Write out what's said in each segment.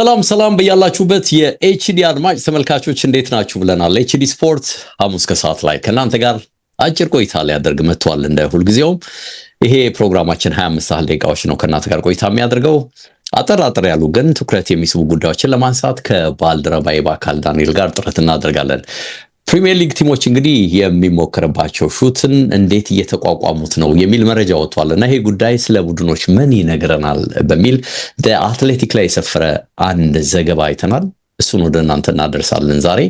ሰላም ሰላም በያላችሁበት የኤችዲ አድማጭ ተመልካቾች እንዴት ናችሁ ብለናል። ኤችዲ ስፖርት ሐሙስ ከሰዓት ላይ ከእናንተ ጋር አጭር ቆይታ ሊያደርግ መጥቷል። እንደ ሁልጊዜውም ይሄ ፕሮግራማችን 25 ያህል ደቂቃዎች ነው ከእናንተ ጋር ቆይታ የሚያደርገው አጠር አጠር ያሉ ግን ትኩረት የሚስቡ ጉዳዮችን ለማንሳት ከባልደረባዬ በአካል ዳንኤል ጋር ጥረት እናደርጋለን። ፕሪሚየር ሊግ ቲሞች እንግዲህ የሚሞከርባቸው ሹትን እንዴት እየተቋቋሙት ነው የሚል መረጃ ወጥቷል እና ይሄ ጉዳይ ስለ ቡድኖች ምን ይነግረናል በሚል አትሌቲክ ላይ የሰፈረ አንድ ዘገባ አይተናል። እሱን ወደ እናንተ እናደርሳለን ዛሬ።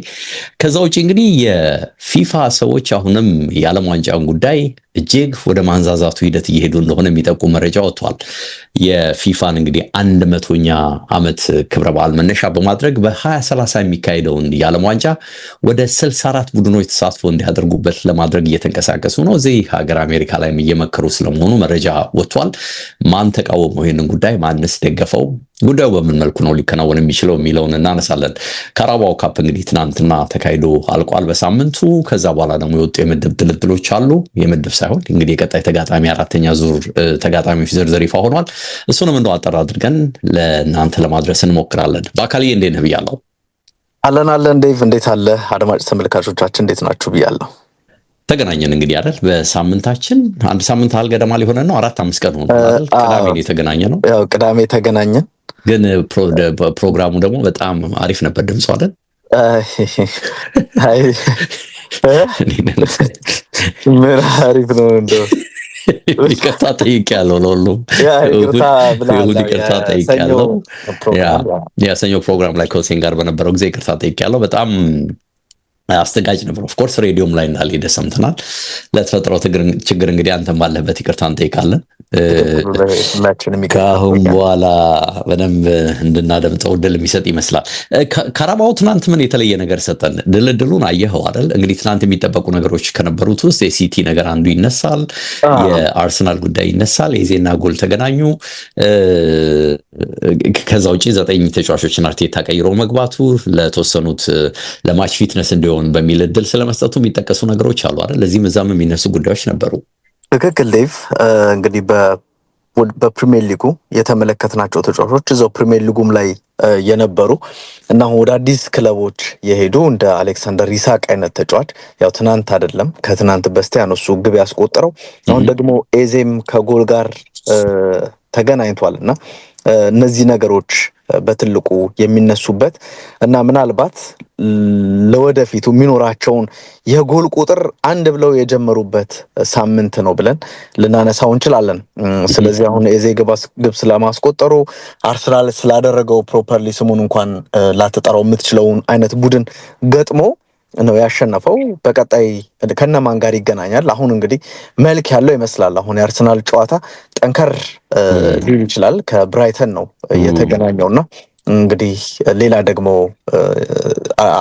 ከዛ ውጭ እንግዲህ የፊፋ ሰዎች አሁንም የዓለም ዋንጫውን ጉዳይ እጅግ ወደ ማንዛዛቱ ሂደት እየሄዱ እንደሆነ የሚጠቁም መረጃ ወጥቷል። የፊፋን እንግዲህ አንድ መቶኛ ዓመት ክብረ በዓል መነሻ በማድረግ በ2030 የሚካሄደውን የዓለም ዋንጫ ወደ 64 ቡድኖች ተሳትፎ እንዲያደርጉበት ለማድረግ እየተንቀሳቀሱ ነው። እዚህ ሀገር አሜሪካ ላይም እየመከሩ ስለመሆኑ መረጃ ወጥቷል። ማን ተቃወመው ይህንን ጉዳይ? ማንስ ደገፈው? ጉዳዩ በምን መልኩ ነው ሊከናወን የሚችለው የሚለውን እናነሳለን። ካራባው ካፕ እንግዲህ ትናንትና ተካሂዶ አልቋል በሳምንቱ ከዛ በኋላ ደግሞ የወጡ የምድብ ድልድሎች አሉ የምድብ ሳይሆን እንግዲህ የቀጣይ ተጋጣሚ አራተኛ ዙር ተጋጣሚዎች ዝርዝር ይፋ ሆኗል። እሱንም እንደው አጠር አድርገን ለእናንተ ለማድረስ እንሞክራለን። በአካልዬ እንዴት ነህ ብያለሁ። አለን አለን ዴቭ፣ እንዴት አለ? አድማጭ ተመልካቾቻችን እንዴት ናችሁ ብያለሁ። ተገናኘን እንግዲህ አይደል? በሳምንታችን አንድ ሳምንት ያህል ገደማ ሊሆነ ነው። አራት አምስት ቀን ሆኖ ቅዳሜ የተገናኘ ነው። ያው ቅዳሜ የተገናኘን ግን ፕሮግራሙ ደግሞ በጣም አሪፍ ነበር። ድምፅ አለን ምን አሪፍ ነው እንደው ይቅርታ ጠይቄያለሁ። ለሁሉም ይቅርታ ጠይቄያለሁ። የሰኞ ፕሮግራም ላይ ከሴን ጋር በነበረው ጊዜ ይቅርታ ጠይቄያለሁ። በጣም አስተጋጭ ነበር። ኦፍኮርስ ሬዲዮም ላይ እንዳልሄደ ሰምተናል። ለተፈጥሮ ችግር እንግዲህ አንተን ባለበት ይቅርታ እንጠይቃለን። ከአሁን በኋላ በደንብ እንድናደምጠው ድል የሚሰጥ ይመስላል። ካራባው ትናንት ምን የተለየ ነገር ሰጠን? ድልድሉን አየኸው አይደል? እንግዲህ ትናንት የሚጠበቁ ነገሮች ከነበሩት ውስጥ የሲቲ ነገር አንዱ ይነሳል፣ የአርሰናል ጉዳይ ይነሳል፣ የዜና ጎል ተገናኙ። ከዛ ውጭ ዘጠኝ ተጫዋቾችን አርቴታ ቀይሮ መግባቱ ለተወሰኑት ለማች ፊትነስ እንዲሆን በሚል እድል ስለመስጠቱ የሚጠቀሱ ነገሮች አሉ አይደል? ለዚህም እዛም የሚነሱ ጉዳዮች ነበሩ። ትክክል ዴቭ። እንግዲህ በፕሪሚየር ሊጉ የተመለከትናቸው ተጫዋቾች እዛው ፕሪሚየር ሊጉም ላይ የነበሩ እና አሁን ወደ አዲስ ክለቦች የሄዱ እንደ አሌክሳንደር ይሳቅ አይነት ተጫዋች ያው ትናንት አይደለም ከትናንት በስቲያ ነው እሱ ግብ ያስቆጠረው። አሁን ደግሞ ኤዜም ከጎል ጋር ተገናኝቷል እና እነዚህ ነገሮች በትልቁ የሚነሱበት እና ምናልባት ለወደፊቱ የሚኖራቸውን የጎል ቁጥር አንድ ብለው የጀመሩበት ሳምንት ነው ብለን ልናነሳው እንችላለን። ስለዚህ አሁን ኤዜ ግብ ስለማስቆጠሩ አርሰናል ስላደረገው ፕሮፐርሊ ስሙን እንኳን ላትጠራው የምትችለውን አይነት ቡድን ገጥሞ ነው ያሸነፈው። በቀጣይ ከነማን ጋር ይገናኛል? አሁን እንግዲህ መልክ ያለው ይመስላል። አሁን የአርሰናል ጨዋታ ጠንከር ሊል ይችላል። ከብራይተን ነው ና እንግዲህ ሌላ ደግሞ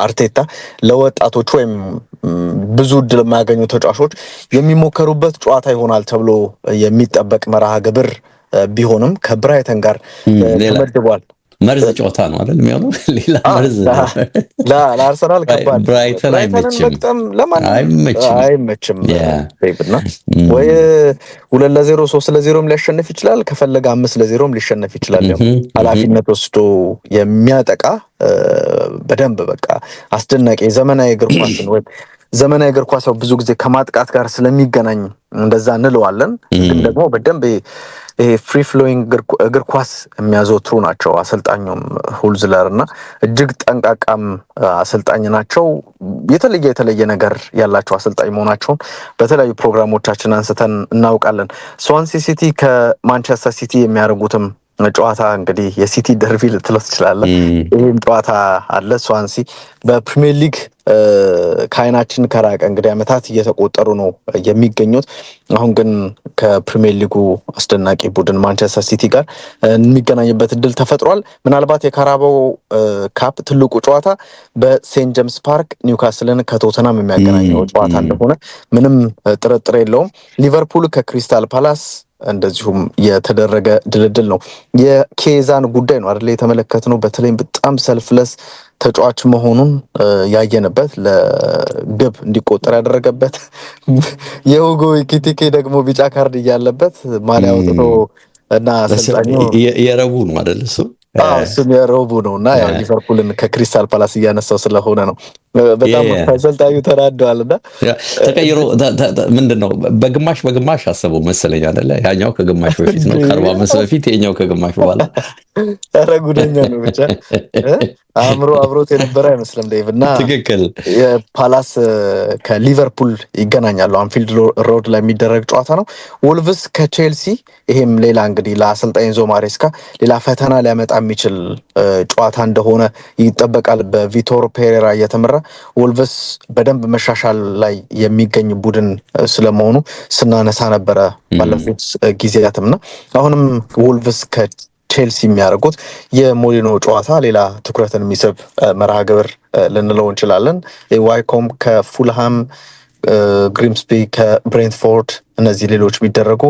አርቴታ ለወጣቶች ወይም ብዙ እድል የማያገኙ ተጫዋቾች የሚሞከሩበት ጨዋታ ይሆናል ተብሎ የሚጠበቅ መርሃ ግብር ቢሆንም ከብራይተን ጋር ተመድቧል። መርዝ ጨዋታ ነው አይደል የሚሆነው? ሌላ መርዝ ለአርሰናል ከባድ ብራይተን አይመችም፣ አይመችም ወይ ሁለት ለዜሮ ሶስት ለዜሮም ሊያሸንፍ ይችላል። ከፈለገ አምስት ለዜሮም ሊሸነፍ ይችላል። ኃላፊነት ወስዶ የሚያጠቃ በደንብ በቃ አስደናቂ ዘመናዊ እግር ኳስን ወይ ዘመናዊ እግር ኳስ ብዙ ጊዜ ከማጥቃት ጋር ስለሚገናኝ እንደዛ እንለዋለን፣ ግን ደግሞ በደንብ ይሄ ፍሪ ፍሎዊንግ እግር ኳስ የሚያዘወትሩ ናቸው። አሰልጣኙም ሁልዝለር እና እጅግ ጠንቃቃም አሰልጣኝ ናቸው። የተለየ የተለየ ነገር ያላቸው አሰልጣኝ መሆናቸውን በተለያዩ ፕሮግራሞቻችን አንስተን እናውቃለን። ስዋንሲ ሲቲ ከማንቸስተር ሲቲ የሚያደርጉትም ጨዋታ እንግዲህ የሲቲ ደርቢ ልትለው ትችላለ። ይህም ጨዋታ አለ። ስዋንሲ በፕሪሚየር ሊግ ከአይናችን ከራቀ እንግዲህ አመታት እየተቆጠሩ ነው የሚገኙት። አሁን ግን ከፕሪሚየር ሊጉ አስደናቂ ቡድን ማንቸስተር ሲቲ ጋር የሚገናኝበት እድል ተፈጥሯል። ምናልባት የካራባው ካፕ ትልቁ ጨዋታ በሴንት ጀምስ ፓርክ ኒውካስልን ከቶተናም የሚያገናኘው ጨዋታ እንደሆነ ምንም ጥርጥር የለውም። ሊቨርፑል ከክሪስታል ፓላስ እንደዚሁም የተደረገ ድልድል ነው። የኬዛን ጉዳይ ነው አይደለ የተመለከትነው። በተለይም በጣም ሰልፍለስ ተጫዋች መሆኑን ያየንበት ለግብ እንዲቆጠር ያደረገበት የሁጎ ኢኪቲኬ ደግሞ ቢጫ ካርድ እያለበት ማሊያ አውጥቶ እና አሰልጣኙ ነው አደለ እሱም የረቡ ነው እና ሊቨርፑልን ከክሪስታል ፓላስ እያነሳው ስለሆነ ነው በጣም አሰልጣኙ ተናደዋል እና ተቀይሮ ምንድን ነው በግማሽ በግማሽ አሰቡ መሰለኝ አይደለ? ያኛው ከግማሽ በፊት ነው ከአርባ አምስት በፊት የኛው ከግማሽ በኋላ። ኧረ ጉደኛ ነው ብቻ አእምሮ አብሮት የነበረ አይመስልም ዴቭ። እና ትክክል የፓላስ ከሊቨርፑል ይገናኛሉ። አንፊልድ ሮድ ላይ የሚደረግ ጨዋታ ነው። ወልቭስ ከቼልሲ ይሄም ሌላ እንግዲህ ለአሰልጣኝ ኢንዞ ማሬስካ ሌላ ፈተና ሊያመጣ የሚችል ጨዋታ እንደሆነ ይጠበቃል በቪቶር ፔሬራ እየተመራ ወልቨስ በደንብ መሻሻል ላይ የሚገኝ ቡድን ስለመሆኑ ስናነሳ ነበረ ባለፉት ጊዜያትም እና አሁንም ወልቨስ ከቼልሲ የሚያደርጉት የሞሊኖ ጨዋታ ሌላ ትኩረትን የሚስብ መርሃ ግብር ልንለው እንችላለን። ዋይኮም ከፉልሃም ግሪምስቢ ከብሬንትፎርድ እነዚህ ሌሎች ቢደረጉ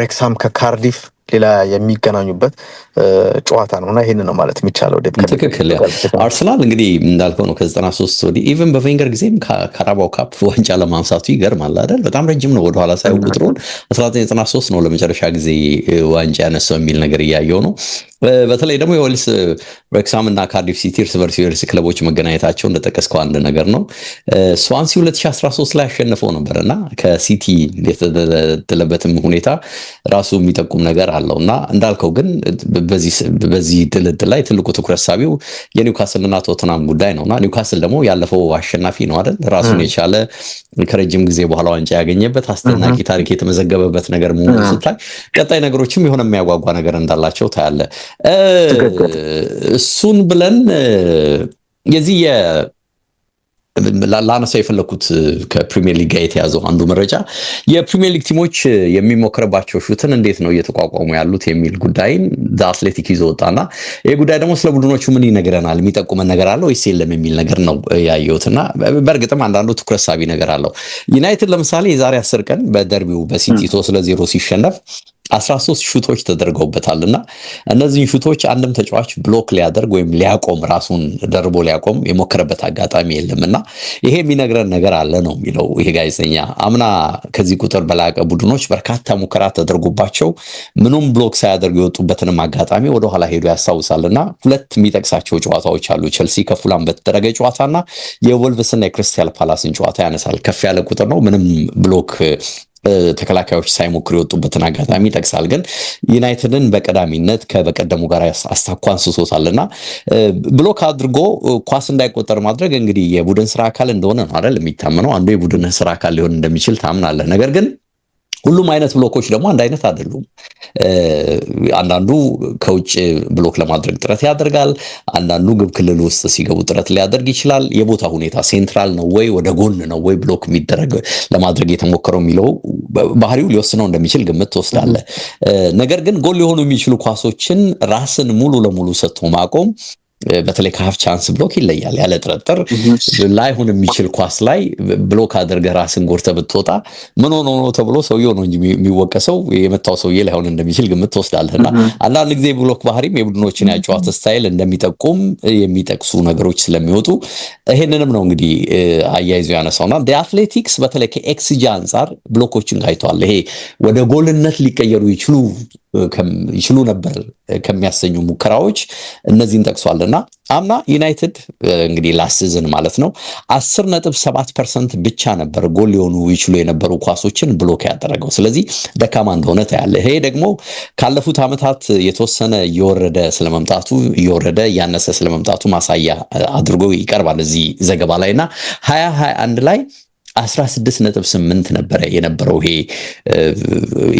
ሬክሳም ከካርዲፍ ሌላ የሚገናኙበት ጨዋታ ነው እና ይህን ነው ማለት የሚቻለው። ትክክል አርሰናል እንግዲህ እንዳልከው ነው ከዘጠና ሶስት ወዲህ ኢቨን በቬንገር ጊዜም ከካራባው ካፕ ዋንጫ ለማንሳቱ ይገርማል አይደል? በጣም ረጅም ነው ወደኋላ ሳይሆን ቁጥሩን 1993 ነው ለመጨረሻ ጊዜ ዋንጫ ያነሳው የሚል ነገር እያየው ነው። በተለይ ደግሞ የወልስ ረክሳም እና ካርዲፍ ሲቲ እርስ በርስ የርስ ክለቦች መገናኘታቸው እንደጠቀስከው አንድ ነገር ነው። ስዋንሲ 2013 ላይ አሸንፈው ነበር እና ከሲቲ የተደለበትም ሁኔታ ራሱ የሚጠቁም ነገር አለው እና እንዳልከው ግን በዚህ ድልድል ላይ ትልቁ ትኩረት ሳቢው የኒውካስል እና ቶትናም ጉዳይ ነው እና ኒውካስል ደግሞ ያለፈው አሸናፊ ነው አይደል ራሱን የቻለ ከረጅም ጊዜ በኋላ ዋንጫ ያገኘበት አስደናቂ ታሪክ የተመዘገበበት ነገር መሆኑ ስታይ ቀጣይ ነገሮችም የሆነ የሚያጓጓ ነገር እንዳላቸው ታያለ። እሱን ብለን የዚህ ላነሳው የፈለኩት ከፕሪሚየር ሊግ ጋር የተያዘው አንዱ መረጃ የፕሪሚየር ሊግ ቲሞች የሚሞክርባቸው ሹትን እንዴት ነው እየተቋቋሙ ያሉት የሚል ጉዳይን አትሌቲክ ይዞ ወጣና ይህ ጉዳይ ደግሞ ስለ ቡድኖቹ ምን ይነግረናል፣ የሚጠቁመን ነገር አለው ወይስ የለም የሚል ነገር ነው እና በእርግጥም አንዳንዱ ትኩረት ሳቢ ነገር አለው። ዩናይትድ ለምሳሌ የዛሬ አስር ቀን በደርቢው በሲቲ ሶስት ለዜሮ ሲሸነፍ 13 ሹቶች ተደርገውበታል እና እነዚህን ሹቶች አንድም ተጫዋች ብሎክ ሊያደርግ ወይም ሊያቆም ራሱን ደርቦ ሊያቆም የሞከረበት አጋጣሚ የለም እና ይሄ የሚነግረን ነገር አለ ነው የሚለው ይሄ ጋዜጠኛ። አምና ከዚህ ቁጥር በላቀ ቡድኖች በርካታ ሙከራ ተደርጎባቸው ምኑም ብሎክ ሳያደርግ የወጡበትንም አጋጣሚ ወደኋላ ሄዶ ያስታውሳል እና ሁለት የሚጠቅሳቸው ጨዋታዎች አሉ። ቸልሲ ከፉላም በተደረገ ጨዋታና የወልቭስና የክሪስታል ፓላስን ጨዋታ ያነሳል። ከፍ ያለ ቁጥር ነው ምንም ብሎክ ተከላካዮች ሳይሞክሩ የወጡበትን አጋጣሚ ይጠቅሳል። ግን ዩናይትድን በቀዳሚነት ከበቀደሙ ጋር አስታኳ አንስሶታል እና ብሎክ አድርጎ ኳስ እንዳይቆጠር ማድረግ እንግዲህ የቡድን ስራ አካል እንደሆነ ነው አይደል የሚታመነው። አንዱ የቡድን ስራ አካል ሊሆን እንደሚችል ታምናለህ ነገር ግን ሁሉም አይነት ብሎኮች ደግሞ አንድ አይነት አይደሉም። አንዳንዱ ከውጭ ብሎክ ለማድረግ ጥረት ያደርጋል። አንዳንዱ ግብ ክልል ውስጥ ሲገቡ ጥረት ሊያደርግ ይችላል። የቦታ ሁኔታ ሴንትራል ነው ወይ ወደ ጎን ነው ወይ ብሎክ የሚደረግ ለማድረግ የተሞከረው የሚለው ባህሪው ሊወስነው እንደሚችል ግምት ትወስዳለህ። ነገር ግን ጎል ሊሆኑ የሚችሉ ኳሶችን ራስን ሙሉ ለሙሉ ሰጥቶ ማቆም በተለይ ከሀፍ ቻንስ ብሎክ ይለያል። ያለ ጥርጥር ላይሆን የሚችል ኳስ ላይ ብሎክ አድርገ ራስን ጎርተ ብትወጣ ምን ሆኖ ነው ተብሎ ሰውየ ነው እንጂ የሚወቀሰው የመታው ሰውዬ ላይሆን እንደሚችል ግምት ትወስዳለህ። እና አንዳንድ ጊዜ ብሎክ ባህሪም የቡድኖችን ያጨዋት ስታይል እንደሚጠቁም የሚጠቅሱ ነገሮች ስለሚወጡ ይሄንንም ነው እንግዲህ አያይዞ ያነሳውና አትሌቲክስ በተለይ ከኤክስጂ አንጻር ብሎኮችን ካይተዋል። ይሄ ወደ ጎልነት ሊቀየሩ ይችሉ ይችሉ ነበር ከሚያሰኙ ሙከራዎች እነዚህን ጠቅሷል እና አምና ዩናይትድ እንግዲህ ላስት ማለት ነው አስር ነጥብ ሰባት ፐርሰንት ብቻ ነበር ጎል ሊሆኑ ይችሉ የነበሩ ኳሶችን ብሎክ ያደረገው። ስለዚህ ደካማ እንደሆነ ታያለ። ይሄ ደግሞ ካለፉት ዓመታት የተወሰነ እየወረደ ስለመምጣቱ እየወረደ እያነሰ ስለመምጣቱ ማሳያ አድርጎ ይቀርባል እዚህ ዘገባ ላይ እና ሀያ ሀያ አንድ ላይ 16.8 ነበረ የነበረው። ይሄ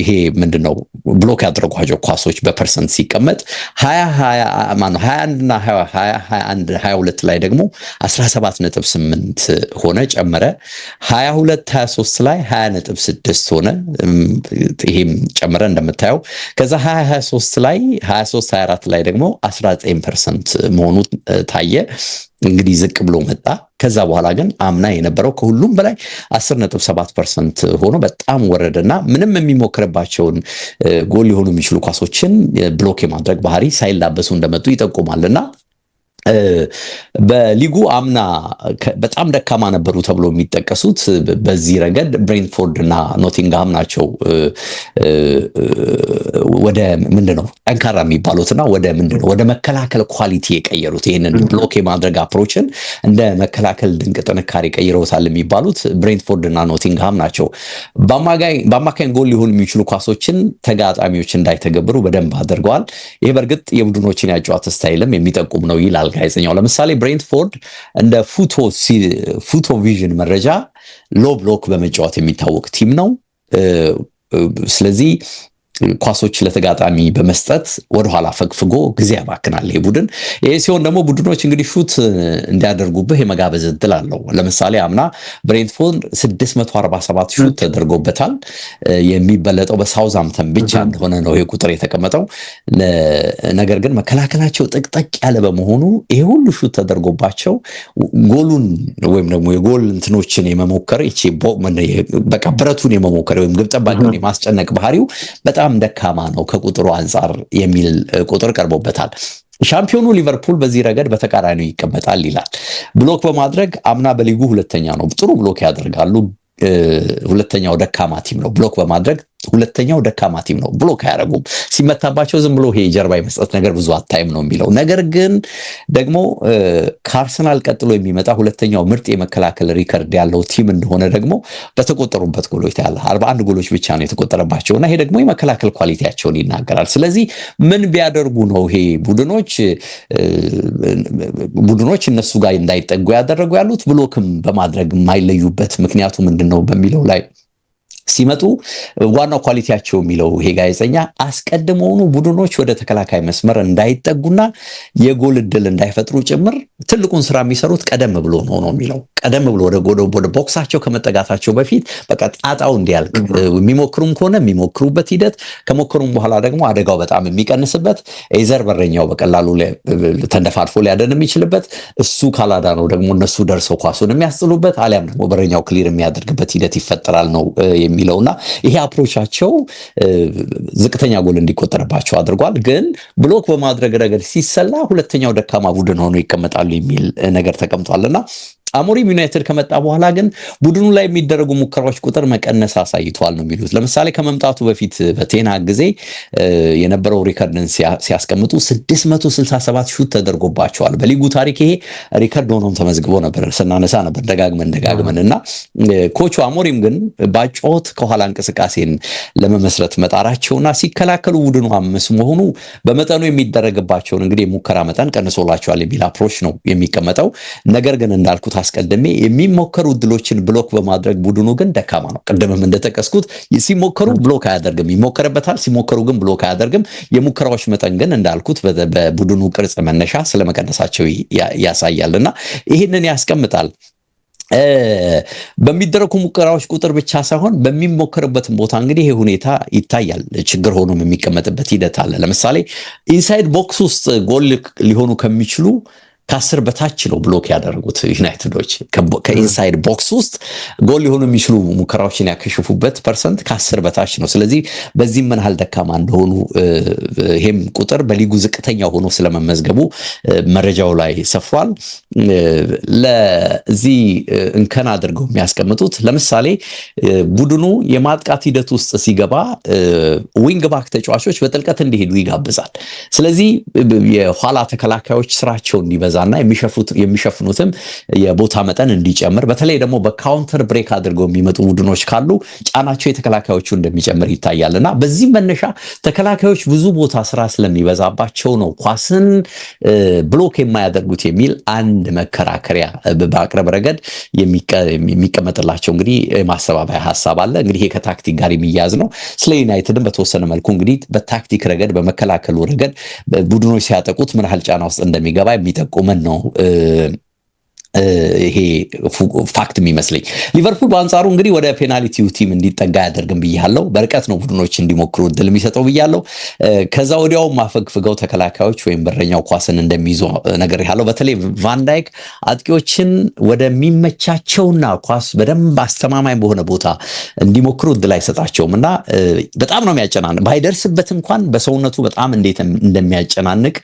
ይሄ ምንድነው ብሎክ ያደረጓቸው ኳሶች በፐርሰንት ሲቀመጥ 21ና 22 ላይ ደግሞ 17.8 ሆነ ጨመረ። 22 23 ላይ 20.6 ሆነ ይሄም ጨመረ እንደምታየው። ከዛ 23 ላይ 23 24 ላይ ደግሞ 19 ፐርሰንት መሆኑ ታየ። እንግዲህ ዝቅ ብሎ መጣ። ከዛ በኋላ ግን አምና የነበረው ከሁሉም በላይ 10.7 ፐርሰንት ሆኖ በጣም ወረደና ምንም የሚሞክርባቸውን ጎል ሊሆኑ የሚችሉ ኳሶችን ብሎክ የማድረግ ባህሪ ሳይላበሱ እንደመጡ ይጠቁማልና በሊጉ አምና በጣም ደካማ ነበሩ ተብሎ የሚጠቀሱት በዚህ ረገድ ብሬንፎርድ እና ኖቲንግሃም ናቸው። ወደ ምንድነው ጠንካራ ጠንካራ የሚባሉትና ወደ ምንድነው ወደ መከላከል ኳሊቲ የቀየሩት ይህንን ብሎክ የማድረግ አፕሮችን እንደ መከላከል ድንቅ ጥንካሬ ቀይረውታል የሚባሉት ብሬንፎርድ እና ኖቲንግሃም ናቸው። በአማካኝ ጎል ሊሆኑ የሚችሉ ኳሶችን ተጋጣሚዎች እንዳይተገብሩ በደንብ አድርገዋል። ይህ በእርግጥ የቡድኖችን ያጫዋት ስታይልም የሚጠቁም ነው ይላል ጋዜጠኛው ለምሳሌ ብሬንትፎርድ እንደ ፉቶ ቪዥን መረጃ ሎ ብሎክ በመጫወት የሚታወቅ ቲም ነው። ስለዚህ ኳሶች ለተጋጣሚ በመስጠት ወደኋላ ፈግፍጎ ጊዜ ያባክናል ይሄ ቡድን። ይሄ ሲሆን ደግሞ ቡድኖች እንግዲህ ሹት እንዲያደርጉብህ የመጋበዝ እድል አለው። ለምሳሌ አምና ብሬንትፎርድ 647 ሹት ተደርጎበታል። የሚበለጠው በሳውዝሃምተን ብቻ እንደሆነ ነው ይሄ ቁጥር የተቀመጠው። ነገር ግን መከላከላቸው ጥቅጥቅ ያለ በመሆኑ ይሄ ሁሉ ሹት ተደርጎባቸው ጎሉን ወይም ደግሞ የጎል እንትኖችን የመሞከር በቃ ብረቱን የመሞከር ወይም ግብ ጠባቂውን የማስጨነቅ ባህሪው በጣም በጣም ደካማ ነው ከቁጥሩ አንጻር የሚል ቁጥር ቀርቦበታል። ሻምፒዮኑ ሊቨርፑል በዚህ ረገድ በተቃራኒው ይቀመጣል ይላል። ብሎክ በማድረግ አምና በሊጉ ሁለተኛ ነው። ጥሩ ብሎክ ያደርጋሉ። ሁለተኛው ደካማ ቲም ነው ብሎክ በማድረግ ሁለተኛው ደካማ ቲም ነው። ብሎክ አያደርጉም። ሲመታባቸው ዝም ብሎ ይሄ ጀርባ የመስጠት ነገር ብዙ አታይም ነው የሚለው። ነገር ግን ደግሞ ከአርሰናል ቀጥሎ የሚመጣ ሁለተኛው ምርጥ የመከላከል ሪከርድ ያለው ቲም እንደሆነ ደግሞ በተቆጠሩበት ጎሎች ያለ አርባ አንድ ጎሎች ብቻ ነው የተቆጠረባቸው እና ይሄ ደግሞ የመከላከል ኳሊቲያቸውን ይናገራል። ስለዚህ ምን ቢያደርጉ ነው ይሄ ቡድኖች ቡድኖች እነሱ ጋር እንዳይጠጉ ያደረጉ ያሉት ብሎክም በማድረግ የማይለዩበት ምክንያቱ ምንድን ነው በሚለው ላይ ሲመጡ ዋናው ኳሊቲያቸው የሚለው ይሄ ጋዜጠኛ አስቀድመውኑ ቡድኖች ወደ ተከላካይ መስመር እንዳይጠጉና የጎል እድል እንዳይፈጥሩ ጭምር ትልቁን ስራ የሚሰሩት ቀደም ብሎ ነው ነው የሚለው ቀደም ብሎ ወደ ቦክሳቸው ከመጠጋታቸው በፊት በቃ ጣጣው እንዲያልቅ የሚሞክሩም ከሆነ የሚሞክሩበት ሂደት ከሞከሩም በኋላ ደግሞ አደጋው በጣም የሚቀንስበት ኤዘር በረኛው በቀላሉ ተንደፋድፎ ሊያደን የሚችልበት እሱ ካላዳነው ደግሞ እነሱ ደርሰው ኳሱን የሚያስጥሉበት አሊያም ደግሞ በረኛው ክሊር የሚያደርግበት ሂደት ይፈጠራል ነው የሚለውና ይሄ አፕሮቻቸው ዝቅተኛ ጎል እንዲቆጠርባቸው አድርጓል። ግን ብሎክ በማድረግ ረገድ ሲሰላ ሁለተኛው ደካማ ቡድን ሆኖ ይቀመጣሉ የሚል ነገር ተቀምጧልና አሞሪም ዩናይትድ ከመጣ በኋላ ግን ቡድኑ ላይ የሚደረጉ ሙከራዎች ቁጥር መቀነስ አሳይቷል ነው የሚሉት። ለምሳሌ ከመምጣቱ በፊት በቴና ጊዜ የነበረው ሪከርድን ሲያስቀምጡ 667 ሹት ተደርጎባቸዋል። በሊጉ ታሪክ ይሄ ሪከርድ ሆኖም ተመዝግቦ ነበር፣ ስናነሳ ነበር ደጋግመን ደጋግመን እና ኮቹ አሞሪም ግን ባጫወት ከኋላ እንቅስቃሴን ለመመስረት መጣራቸውና ሲከላከሉ ቡድኑ አምስ መሆኑ በመጠኑ የሚደረግባቸውን እንግዲህ የሙከራ መጠን ቀንሶላቸዋል የሚል አፕሮች ነው የሚቀመጠው ነገር ግን እንዳልኩት አስቀድሜ የሚሞከሩ እድሎችን ብሎክ በማድረግ ቡድኑ ግን ደካማ ነው። ቅድምም እንደጠቀስኩት ሲሞከሩ ብሎክ አያደርግም፣ ይሞከርበታል። ሲሞከሩ ግን ብሎክ አያደርግም። የሙከራዎች መጠን ግን እንዳልኩት በቡድኑ ቅርጽ መነሻ ስለመቀነሳቸው ያሳያል እና ይህንን ያስቀምጣል። በሚደረጉ ሙከራዎች ቁጥር ብቻ ሳይሆን በሚሞከርበትም ቦታ እንግዲህ ይህ ሁኔታ ይታያል። ችግር ሆኖም የሚቀመጥበት ሂደት አለ። ለምሳሌ ኢንሳይድ ቦክስ ውስጥ ጎል ሊሆኑ ከሚችሉ ከአስር በታች ነው ብሎክ ያደረጉት ዩናይትዶች። ከኢንሳይድ ቦክስ ውስጥ ጎል ሊሆኑ የሚችሉ ሙከራዎችን ያከሽፉበት ፐርሰንት ከአስር በታች ነው። ስለዚህ በዚህም ምን ያህል ደካማ እንደሆኑ ይሄም ቁጥር በሊጉ ዝቅተኛ ሆኖ ስለመመዝገቡ መረጃው ላይ ሰፏል። ለዚህ እንከን አድርገው የሚያስቀምጡት ለምሳሌ ቡድኑ የማጥቃት ሂደት ውስጥ ሲገባ ዊንግ ባክ ተጫዋቾች በጥልቀት እንዲሄዱ ይጋብዛል። ስለዚህ የኋላ ተከላካዮች ስራቸው እንዲበዛ እንዲበዛና የሚሸፍኑትም የቦታ መጠን እንዲጨምር በተለይ ደግሞ በካውንተር ብሬክ አድርገው የሚመጡ ቡድኖች ካሉ ጫናቸው የተከላካዮቹ እንደሚጨምር ይታያልና በዚህ መነሻ ተከላካዮች ብዙ ቦታ ስራ ስለሚበዛባቸው ነው ኳስን ብሎክ የማያደርጉት የሚል አንድ መከራከሪያ በአቅረብ ረገድ የሚቀመጥላቸው እንግዲህ ማሰባቢያ ሀሳብ አለ። እንግዲህ ይሄ ከታክቲክ ጋር የሚያያዝ ነው። ስለ ዩናይትድም በተወሰነ መልኩ እንግዲህ በታክቲክ ረገድ በመከላከሉ ረገድ ቡድኖች ሲያጠቁት ምን ያህል ጫና ውስጥ እንደሚገባ የሚጠቁም መኮመን ነው ይሄ ፋክት የሚመስለኝ ሊቨርፑል በአንጻሩ እንግዲህ ወደ ፔናልቲው ቲም እንዲጠጋ ያደርግም ብያለው። በርቀት ነው ቡድኖች እንዲሞክሩ እድል የሚሰጠው ብያለው። ከዛ ወዲያው ማፈግፍገው ተከላካዮች ወይም በረኛው ኳስን እንደሚይዙ ነገር ያለው። በተለይ ቫንዳይክ አጥቂዎችን ወደሚመቻቸውና ኳስ በደንብ አስተማማኝ በሆነ ቦታ እንዲሞክሩ እድል አይሰጣቸውም እና በጣም ነው የሚያጨናንቅ። ባይደርስበት እንኳን በሰውነቱ በጣም እንዴት እንደሚያጨናንቅ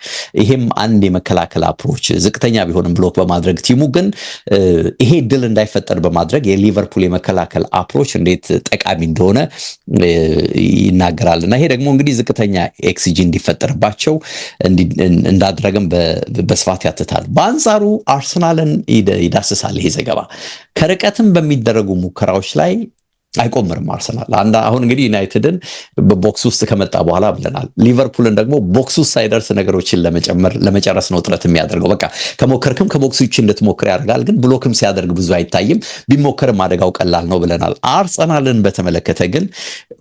ይሄም አንድ የመከላከል አፕሮች ዝቅተኛ ቢሆንም ብሎክ በማድረግ ቲሙ ግን ይሄ ድል እንዳይፈጠር በማድረግ የሊቨርፑል የመከላከል አፕሮች እንዴት ጠቃሚ እንደሆነ ይናገራል እና ይሄ ደግሞ እንግዲህ ዝቅተኛ ኤክስጂ እንዲፈጠርባቸው እንዳደረገም በስፋት ያትታል። በአንጻሩ አርሰናልን ይዳስሳል ይሄ ዘገባ ከርቀትም በሚደረጉ ሙከራዎች ላይ አይቆምርም አርሰናል። አሁን እንግዲህ ዩናይትድን በቦክስ ውስጥ ከመጣ በኋላ ብለናል። ሊቨርፑልን ደግሞ ቦክስ ውስጥ ሳይደርስ ነገሮችን ለመጨመር ለመጨረስ ነው ጥረት የሚያደርገው። በቃ ከሞከርክም ከቦክስ ውጭ እንድትሞክር ያደርጋል። ግን ብሎክም ሲያደርግ ብዙ አይታይም። ቢሞከርም አደጋው ቀላል ነው ብለናል። አርሰናልን በተመለከተ ግን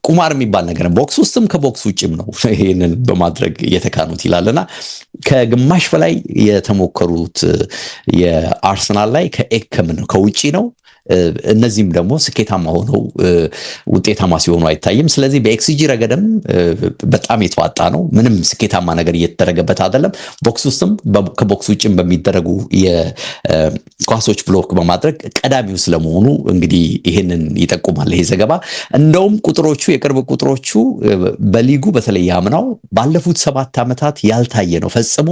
ቁማር የሚባል ነገር ቦክስ ውስጥም ከቦክስ ውጭም ነው ይህንን በማድረግ እየተካኑት ይላልና ከግማሽ በላይ የተሞከሩት የአርሰናል ላይ ከኤክ ከምን ነው ከውጭ ነው እነዚህም ደግሞ ስኬታማ ሆነው ውጤታማ ሲሆኑ አይታይም። ስለዚህ በኤክስጂ ረገድም በጣም የተዋጣ ነው። ምንም ስኬታማ ነገር እየተደረገበት አይደለም። ቦክስ ውስጥም ከቦክስ ውጭም በሚደረጉ የኳሶች ብሎክ በማድረግ ቀዳሚው ስለመሆኑ እንግዲህ ይህንን ይጠቁማል ይሄ ዘገባ። እንደውም ቁጥሮቹ የቅርብ ቁጥሮቹ በሊጉ በተለይ አምናው ባለፉት ሰባት ዓመታት ያልታየ ነው ፈጽሞ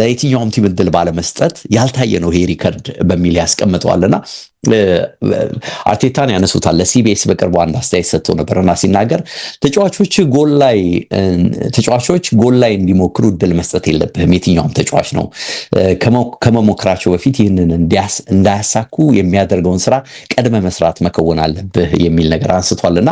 ለየትኛውም ቲም እድል ባለመስጠት ያልታየ ነው ይሄ ሪከርድ በሚል ያስቀምጠዋልና አርቴታን ያነሱታል። ለሲቢኤስ በቅርቡ አንድ አስተያየት ሰጥቶ ነበርና ሲናገር ተጫዋቾች ጎል ላይ ተጫዋቾች ጎል ላይ እንዲሞክሩ እድል መስጠት የለብህም የትኛውም ተጫዋች ነው ከመሞክራቸው በፊት ይህንን እንዳያሳኩ የሚያደርገውን ስራ ቀድመ መስራት መከወን አለብህ የሚል ነገር አንስቷል እና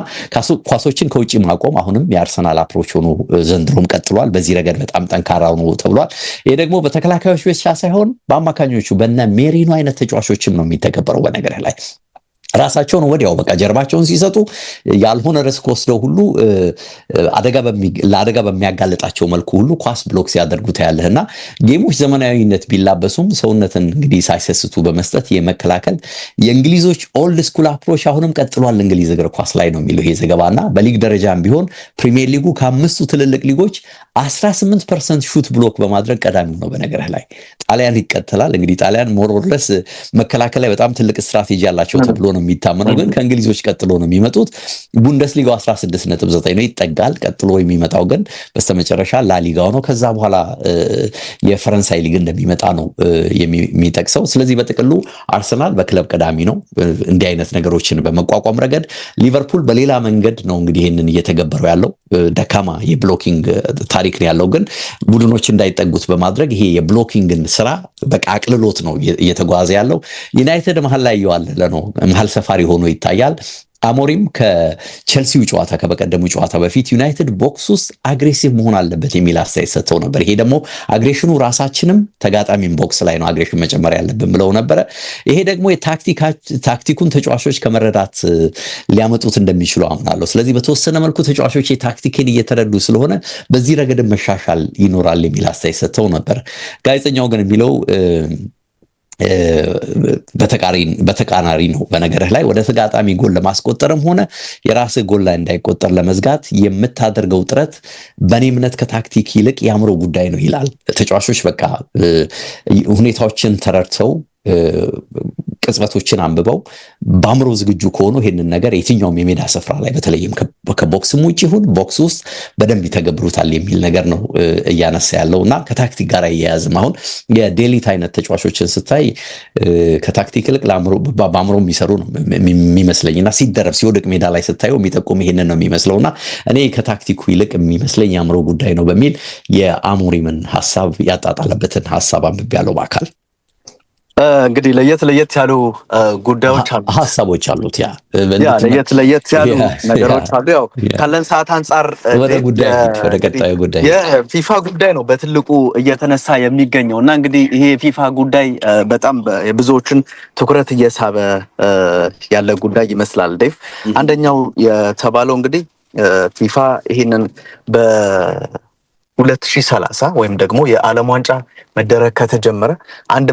ኳሶችን ከውጭ ማቆም አሁንም የአርሰናል አፕሮች ሆኖ ዘንድሮም ቀጥሏል። በዚህ ረገድ በጣም ጠንካራ ሆኖ ተብሏል። ይህ ደግሞ በተከላካዮች ብቻ ሳይሆን በአማካኞቹ በነ ሜሪኖ አይነት ተጫዋቾችም ነው የሚተገበረው going to ራሳቸውን ወዲያው በቃ ጀርባቸውን ሲሰጡ ያልሆነ ሪስክ ወስደው ሁሉ ለአደጋ በሚያጋልጣቸው መልኩ ሁሉ ኳስ ብሎክ ሲያደርጉ ታያለህ እና ጌሞች ዘመናዊነት ቢላበሱም ሰውነትን እንግዲህ ሳይሰስቱ በመስጠት የመከላከል የእንግሊዞች ኦልድ ስኩል አፕሮች አሁንም ቀጥሏል። እንግሊዝ እግር ኳስ ላይ ነው የሚለው ይሄ ዘገባ እና በሊግ ደረጃም ቢሆን ፕሪሚየር ሊጉ ከአምስቱ ትልልቅ ሊጎች 18 ፐርሰንት ሹት ብሎክ በማድረግ ቀዳሚው ነው። በነገርህ ላይ ጣሊያን ይቀጥላል። እንግዲህ ጣሊያን ሞር መከላከል ላይ በጣም ትልቅ ስትራቴጂ ያላቸው ተብሎ ነው የሚታመነው ግን ከእንግሊዞች ቀጥሎ ነው የሚመጡት። ቡንደስሊጋው 16.9 ነው ይጠጋል። ቀጥሎ የሚመጣው ግን በስተመጨረሻ ላሊጋው ነው። ከዛ በኋላ የፈረንሳይ ሊግ እንደሚመጣ ነው የሚጠቅሰው። ስለዚህ በጥቅሉ አርሰናል በክለብ ቀዳሚ ነው እንዲህ አይነት ነገሮችን በመቋቋም ረገድ። ሊቨርፑል በሌላ መንገድ ነው እንግዲህ ይህንን እየተገበረው ያለው ደካማ የብሎኪንግ ታሪክ ነው ያለው፣ ግን ቡድኖች እንዳይጠጉት በማድረግ ይሄ የብሎኪንግን ስራ በቃ አቅልሎት ነው እየተጓዘ ያለው። ዩናይትድ መሀል ላይ እየዋለለ ነው መሀል ሰፋሪ ሆኖ ይታያል። አሞሪም ከቸልሲው ጨዋታ ከበቀደሙ ጨዋታ በፊት ዩናይትድ ቦክስ ውስጥ አግሬሲቭ መሆን አለበት የሚል አስተያየት ሰጥተው ነበር። ይሄ ደግሞ አግሬሽኑ ራሳችንም ተጋጣሚም ቦክስ ላይ ነው አግሬሽን መጨመር ያለብን ብለው ነበረ። ይሄ ደግሞ ታክቲኩን ተጫዋቾች ከመረዳት ሊያመጡት እንደሚችሉ አምናለሁ። ስለዚህ በተወሰነ መልኩ ተጫዋቾች የታክቲክን እየተረዱ ስለሆነ በዚህ ረገድም መሻሻል ይኖራል የሚል አስተያየት ሰጥተው ነበር። ጋዜጠኛው ግን የሚለው በተቃራሪ ነው። በነገርህ ላይ ወደ ተጋጣሚ ጎል ለማስቆጠርም ሆነ የራስህ ጎል ላይ እንዳይቆጠር ለመዝጋት የምታደርገው ጥረት በእኔ እምነት ከታክቲክ ይልቅ የአእምሮ ጉዳይ ነው ይላል። ተጫዋቾች በቃ ሁኔታዎችን ተረድተው ቅጽበቶችን አንብበው በአእምሮ ዝግጁ ከሆኑ ይህንን ነገር የትኛውም የሜዳ ስፍራ ላይ በተለይም ከቦክስም ውጭ ይሁን ቦክስ ውስጥ በደንብ ይተገብሩታል የሚል ነገር ነው እያነሳ ያለው እና ከታክቲክ ጋር እያያዝም አሁን የዴሊት አይነት ተጫዋቾችን ስታይ ከታክቲክ ይልቅ በአእምሮ የሚሰሩ ነው የሚመስለኝ እና ሲደረብ ሲወድቅ ሜዳ ላይ ስታየው የሚጠቁም ይህንን ነው የሚመስለው እና እኔ ከታክቲኩ ይልቅ የሚመስለኝ የአእምሮ ጉዳይ ነው በሚል የአሙሪምን ሀሳብ ያጣጣለበትን ሀሳብ አንብቤ ያለው በአካል እንግዲህ ለየት ለየት ያሉ ጉዳዮች አሉ፣ ሀሳቦች አሉት። ያ ለየት ለየት ያሉ ነገሮች አሉ። ያው ካለን ሰዓት አንጻር የፊፋ ጉዳይ ነው በትልቁ እየተነሳ የሚገኘው እና እንግዲህ ይሄ የፊፋ ጉዳይ በጣም የብዙዎችን ትኩረት እየሳበ ያለ ጉዳይ ይመስላል። ዴቭ አንደኛው የተባለው እንግዲህ ፊፋ ይህንን 2030 ወይም ደግሞ የዓለም ዋንጫ መደረግ ከተጀመረ አንድ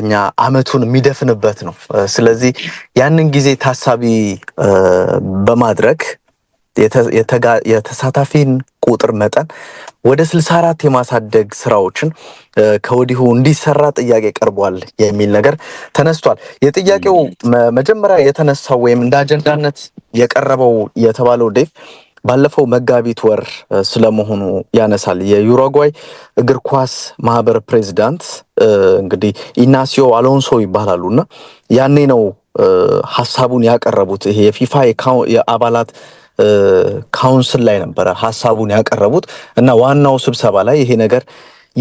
እኛ አመቱን የሚደፍንበት ነው። ስለዚህ ያንን ጊዜ ታሳቢ በማድረግ የተሳታፊን ቁጥር መጠን ወደ 64 የማሳደግ ስራዎችን ከወዲሁ እንዲሰራ ጥያቄ ቀርቧል የሚል ነገር ተነስቷል። የጥያቄው መጀመሪያ የተነሳው ወይም እንደ አጀንዳነት የቀረበው የተባለው ዴፍ ባለፈው መጋቢት ወር ስለመሆኑ ያነሳል። የዩሩጓይ እግር ኳስ ማህበር ፕሬዚዳንት እንግዲህ ኢናሲዮ አሎንሶ ይባላሉ እና ያኔ ነው ሀሳቡን ያቀረቡት። ይሄ የፊፋ የአባላት ካውንስል ላይ ነበረ ሀሳቡን ያቀረቡት እና ዋናው ስብሰባ ላይ ይሄ ነገር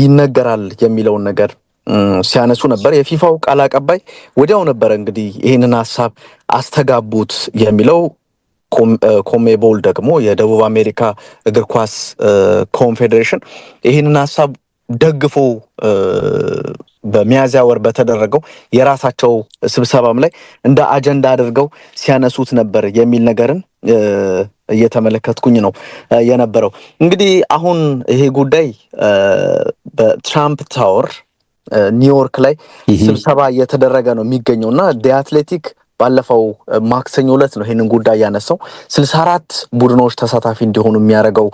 ይነገራል የሚለውን ነገር ሲያነሱ ነበር። የፊፋው ቃል አቀባይ ወዲያው ነበረ እንግዲህ ይህንን ሀሳብ አስተጋቡት የሚለው ኮሜቦል ደግሞ የደቡብ አሜሪካ እግር ኳስ ኮንፌዴሬሽን ይህንን ሀሳብ ደግፎ በሚያዚያ ወር በተደረገው የራሳቸው ስብሰባም ላይ እንደ አጀንዳ አድርገው ሲያነሱት ነበር የሚል ነገርን እየተመለከትኩኝ ነው የነበረው። እንግዲህ አሁን ይሄ ጉዳይ በትራምፕ ታወር ኒውዮርክ ላይ ስብሰባ እየተደረገ ነው የሚገኘው እና ዲ አትሌቲክ ባለፈው ማክሰኞ ዕለት ነው ይህንን ጉዳይ ያነሳው። ስልሳ አራት ቡድኖች ተሳታፊ እንዲሆኑ የሚያደርገው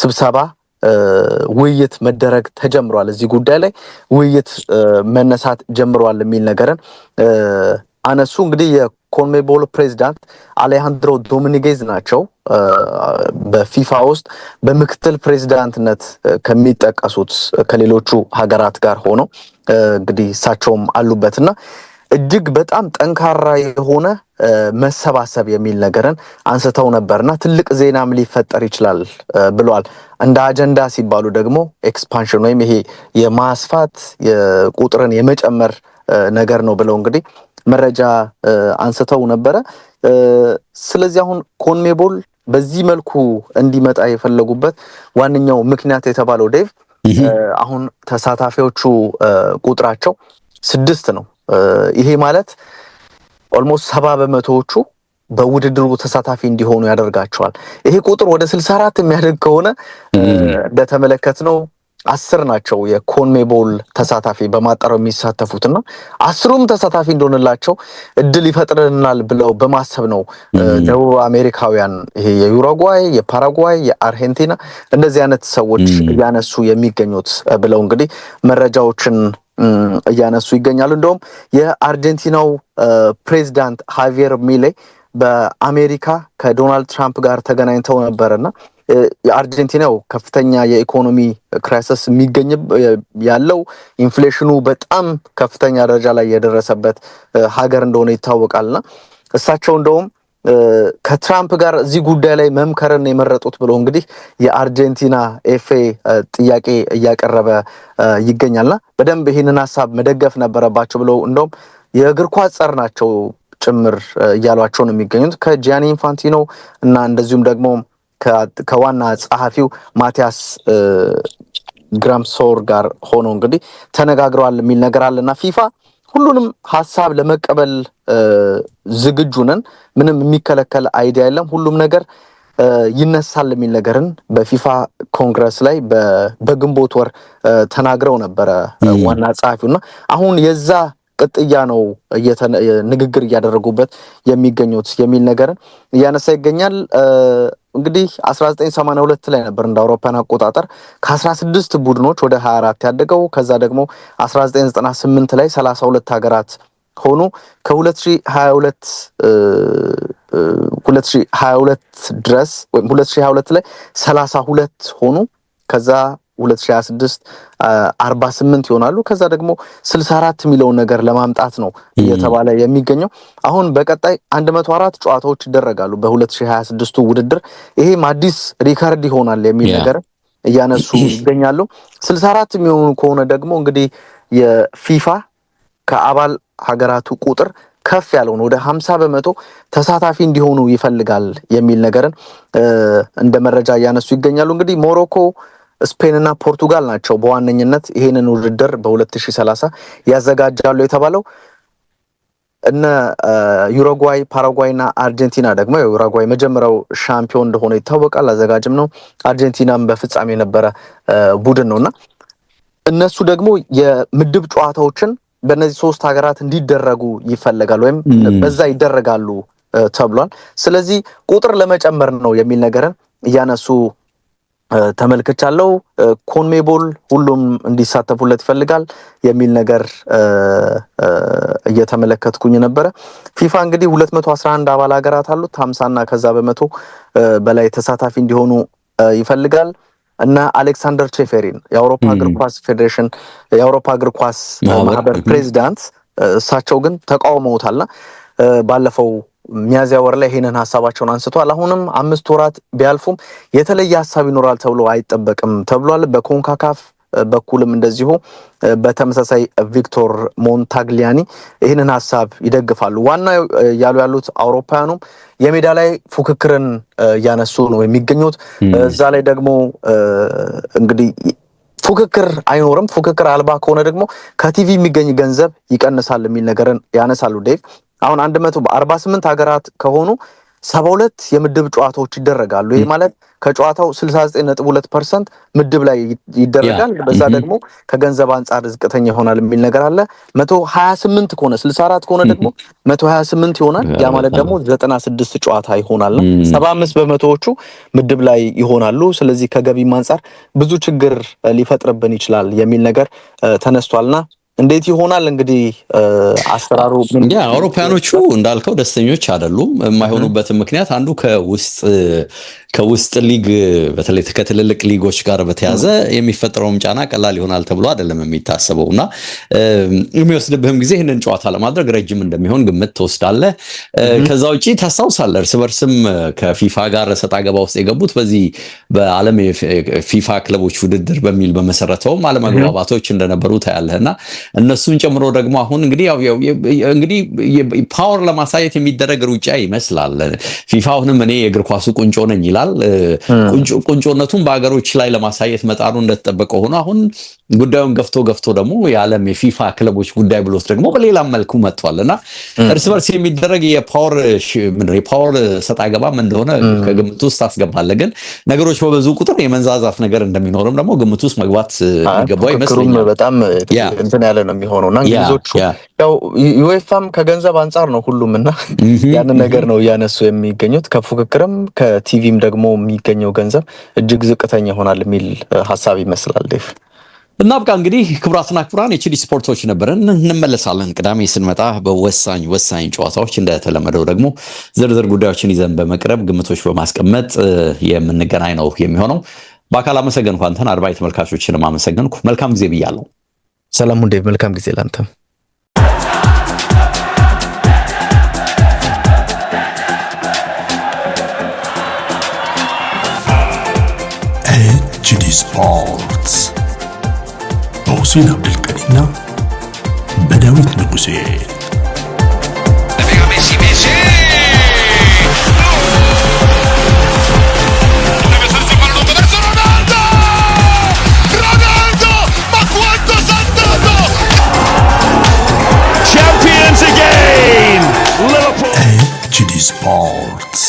ስብሰባ ውይይት መደረግ ተጀምሯል። እዚህ ጉዳይ ላይ ውይይት መነሳት ጀምሯል የሚል ነገርን አነሱ። እንግዲህ የኮንሜቦል ፕሬዚዳንት አሌሃንድሮ ዶሚኒጌዝ ናቸው። በፊፋ ውስጥ በምክትል ፕሬዚዳንትነት ከሚጠቀሱት ከሌሎቹ ሀገራት ጋር ሆነው እንግዲህ እሳቸውም አሉበትና እጅግ በጣም ጠንካራ የሆነ መሰባሰብ የሚል ነገርን አንስተው ነበርና ትልቅ ዜናም ሊፈጠር ይችላል ብሏል። እንደ አጀንዳ ሲባሉ ደግሞ ኤክስፓንሽን ወይም ይሄ የማስፋት ቁጥርን የመጨመር ነገር ነው ብለው እንግዲህ መረጃ አንስተው ነበረ። ስለዚህ አሁን ኮንሜቦል በዚህ መልኩ እንዲመጣ የፈለጉበት ዋነኛው ምክንያት የተባለው ዴቭ አሁን ተሳታፊዎቹ ቁጥራቸው ስድስት ነው። ይሄ ማለት ኦልሞስት ሰባ በመቶዎቹ በውድድሩ ተሳታፊ እንዲሆኑ ያደርጋቸዋል። ይሄ ቁጥር ወደ ስልሳ አራት የሚያደግ ከሆነ ነው አስር ናቸው የኮንሜቦል ተሳታፊ በማጣሪያው የሚሳተፉትና አስሩም ተሳታፊ እንደሆንላቸው እድል ይፈጥርልናል ብለው በማሰብ ነው ደቡብ አሜሪካውያን ይሄ የዩሩጓይ፣ የፓራጓይ፣ የአርሄንቲና እንደዚህ አይነት ሰዎች እያነሱ የሚገኙት ብለው እንግዲህ መረጃዎችን እያነሱ ይገኛሉ። እንደውም የአርጀንቲናው ፕሬዚዳንት ሃቪየር ሚሌ በአሜሪካ ከዶናልድ ትራምፕ ጋር ተገናኝተው እና የአርጀንቲናው ከፍተኛ የኢኮኖሚ ክራይሲስ የሚገኝ ያለው ኢንፍሌሽኑ በጣም ከፍተኛ ደረጃ ላይ የደረሰበት ሀገር እንደሆነ ይታወቃል ና እሳቸው እንደውም ከትራምፕ ጋር እዚህ ጉዳይ ላይ መምከርን የመረጡት ብሎ እንግዲህ የአርጀንቲና ኤፍኤ ጥያቄ እያቀረበ ይገኛልና በደንብ ይህንን ሀሳብ መደገፍ ነበረባቸው ብለው እንደውም የእግር ኳስ ጸር ናቸው ጭምር እያሏቸው ነው የሚገኙት ከጂያኒ ኢንፋንቲኖ እና እንደዚሁም ደግሞ ከዋና ጸሐፊው ማቲያስ ግራምሶር ጋር ሆኖ እንግዲህ ተነጋግረዋል የሚል ነገር አለና ፊፋ ሁሉንም ሀሳብ ለመቀበል ዝግጁ ነን። ምንም የሚከለከል አይዲያ የለም። ሁሉም ነገር ይነሳል የሚል ነገርን በፊፋ ኮንግረስ ላይ በግንቦት ወር ተናግረው ነበረ ዋና እና አሁን የዛ ቅጥያ ነው ንግግር እያደረጉበት የሚገኙት የሚል ነገርን እያነሳ ይገኛል። እንግዲህ 1982 ላይ ነበር እንደ አውሮፓን አቆጣጠር ከ16 ቡድኖች ወደ 24 ያደገው። ከዛ ደግሞ 1998 ላይ 32 ሀገራት ሆኖ ከ2022 2022 ድረስ ወይም 2022 ላይ 32 ሆኑ ከዛ 2026 48 ይሆናሉ። ከዛ ደግሞ 64 የሚለውን ነገር ለማምጣት ነው እየተባለ የሚገኘው። አሁን በቀጣይ 104 ጨዋታዎች ይደረጋሉ በ2026 ውድድር። ይሄም አዲስ ሪካርድ ይሆናል የሚል ነገር እያነሱ ይገኛሉ። 64 የሚሆኑ ከሆነ ደግሞ እንግዲህ የፊፋ ከአባል ሀገራቱ ቁጥር ከፍ ያለውን ወደ ሀምሳ በመቶ ተሳታፊ እንዲሆኑ ይፈልጋል የሚል ነገርን እንደ መረጃ እያነሱ ይገኛሉ። እንግዲህ ሞሮኮ ስፔንና ፖርቱጋል ናቸው በዋነኝነት ይሄንን ውድድር በ2030 ያዘጋጃሉ የተባለው። እነ ዩሩጓይ፣ ፓራጓይና አርጀንቲና ደግሞ ዩሩጓይ መጀመሪያው ሻምፒዮን እንደሆነ ይታወቃል፣ አዘጋጅም ነው። አርጀንቲናም በፍጻሜ የነበረ ቡድን ነው እና እነሱ ደግሞ የምድብ ጨዋታዎችን በእነዚህ ሶስት ሀገራት እንዲደረጉ ይፈለጋል ወይም በዛ ይደረጋሉ ተብሏል። ስለዚህ ቁጥር ለመጨመር ነው የሚል ነገርን እያነሱ ተመልክቻለሁ። ኮንሜቦል ሁሉም እንዲሳተፉለት ይፈልጋል የሚል ነገር እየተመለከትኩኝ ነበረ። ፊፋ እንግዲህ 211 አባል ሀገራት አሉት። 50 እና ከዛ በመቶ በላይ ተሳታፊ እንዲሆኑ ይፈልጋል እና አሌክሳንደር ቼፌሪን የአውሮፓ እግር ኳስ ፌዴሬሽን የአውሮፓ እግር ኳስ ማህበር ፕሬዚዳንት እሳቸው ግን ተቃውመውታልና ባለፈው ሚያዚያ ወር ላይ ይህንን ሀሳባቸውን አንስተዋል። አሁንም አምስት ወራት ቢያልፉም የተለየ ሀሳብ ይኖራል ተብሎ አይጠበቅም ተብሏል። በኮንካካፍ በኩልም እንደዚሁ በተመሳሳይ ቪክቶር ሞንታግሊያኒ ይህንን ሀሳብ ይደግፋሉ። ዋናው ያሉ ያሉት አውሮፓውያኑም የሜዳ ላይ ፉክክርን እያነሱ ነው የሚገኙት። እዛ ላይ ደግሞ እንግዲህ ፉክክር አይኖርም። ፉክክር አልባ ከሆነ ደግሞ ከቲቪ የሚገኝ ገንዘብ ይቀንሳል የሚል ነገርን ያነሳሉ ዴቭ አሁን አንድ መቶ በአርባ ስምንት ሀገራት ከሆኑ ሰባ ሁለት የምድብ ጨዋታዎች ይደረጋሉ። ይህ ማለት ከጨዋታው ስልሳ ዘጠኝ ነጥብ ሁለት ፐርሰንት ምድብ ላይ ይደረጋል። በዛ ደግሞ ከገንዘብ አንጻር ዝቅተኛ ይሆናል የሚል ነገር አለ። መቶ ሀያ ስምንት ከሆነ ስልሳ አራት ከሆነ ደግሞ መቶ ሀያ ስምንት ይሆናል። ያ ማለት ደግሞ ዘጠና ስድስት ጨዋታ ይሆናል ነው። ሰባ አምስት በመቶዎቹ ምድብ ላይ ይሆናሉ። ስለዚህ ከገቢም አንጻር ብዙ ችግር ሊፈጥርብን ይችላል የሚል ነገር ተነስቷልና እንዴት ይሆናል እንግዲህ አሰራሩ። አውሮፓያኖቹ እንዳልከው ደስተኞች አይደሉም። የማይሆኑበትም ምክንያት አንዱ ከውስጥ ከውስጥ ሊግ በተለይ ከትልልቅ ሊጎች ጋር በተያዘ የሚፈጥረውም ጫና ቀላል ይሆናል ተብሎ አይደለም የሚታሰበው እና የሚወስድብህም ጊዜ ይህንን ጨዋታ ለማድረግ ረጅም እንደሚሆን ግምት ትወስዳለህ። ከዛ ውጭ ታስታውሳለህ፣ እርስ በርስም ከፊፋ ጋር ሰጣ ገባ ውስጥ የገቡት በዚህ በዓለም ፊፋ ክለቦች ውድድር በሚል በመሰረተውም አለመግባባቶች እንደነበሩ ታያለህና እነሱን ጨምሮ ደግሞ አሁን እንግዲህ ያው እንግዲህ ፓወር ለማሳየት የሚደረግ ሩጫ ይመስላል። ፊፋ አሁንም እኔ የእግር ኳሱ ቁንጮ ነኝ ይላል። ቁንጮነቱን በሀገሮች ላይ ለማሳየት መጣሩ እንደተጠበቀ ሆኖ አሁን ጉዳዩን ገፍቶ ገፍቶ ደግሞ የዓለም የፊፋ ክለቦች ጉዳይ ብሎት ደግሞ በሌላ መልኩ መጥቷል እና እርስ በርስ የሚደረግ የፓወር የፓወር ሰጣ ገባም እንደሆነ ከግምት ውስጥ አስገባለ። ግን ነገሮች በብዙ ቁጥር የመንዛዛት ነገር እንደሚኖርም ደግሞ ግምት ውስጥ መግባት የሚገባው ይመስለኛል። በጣም እንትን ያለ ነው የሚሆነው እና እንግሊዞቹ ያው ዩኤፋም ከገንዘብ አንጻር ነው ሁሉም እና ያን ነገር ነው እያነሱ የሚገኙት ከፉክክርም ከቲቪም ደግሞ የሚገኘው ገንዘብ እጅግ ዝቅተኛ ይሆናል የሚል ሀሳብ ይመስላል። እናብቃ እንግዲህ ክቡራትና ክቡራን የችዲ ስፖርቶች ነበረን። እንመለሳለን ቅዳሜ ስንመጣ በወሳኝ ወሳኝ ጨዋታዎች እንደተለመደው ደግሞ ዝርዝር ጉዳዮችን ይዘን በመቅረብ ግምቶች በማስቀመጥ የምንገናኝ ነው የሚሆነው። በአካል አመሰገንኩ አንተን፣ አድማጭ ተመልካቾችንም አመሰገንኩ። መልካም ጊዜ ብያለሁ። ሰላም ሁንዴ፣ መልካም ጊዜ ላንተም። ሁሴን አብዱልቀኒና በዳዊት ንጉሴ HD Sports.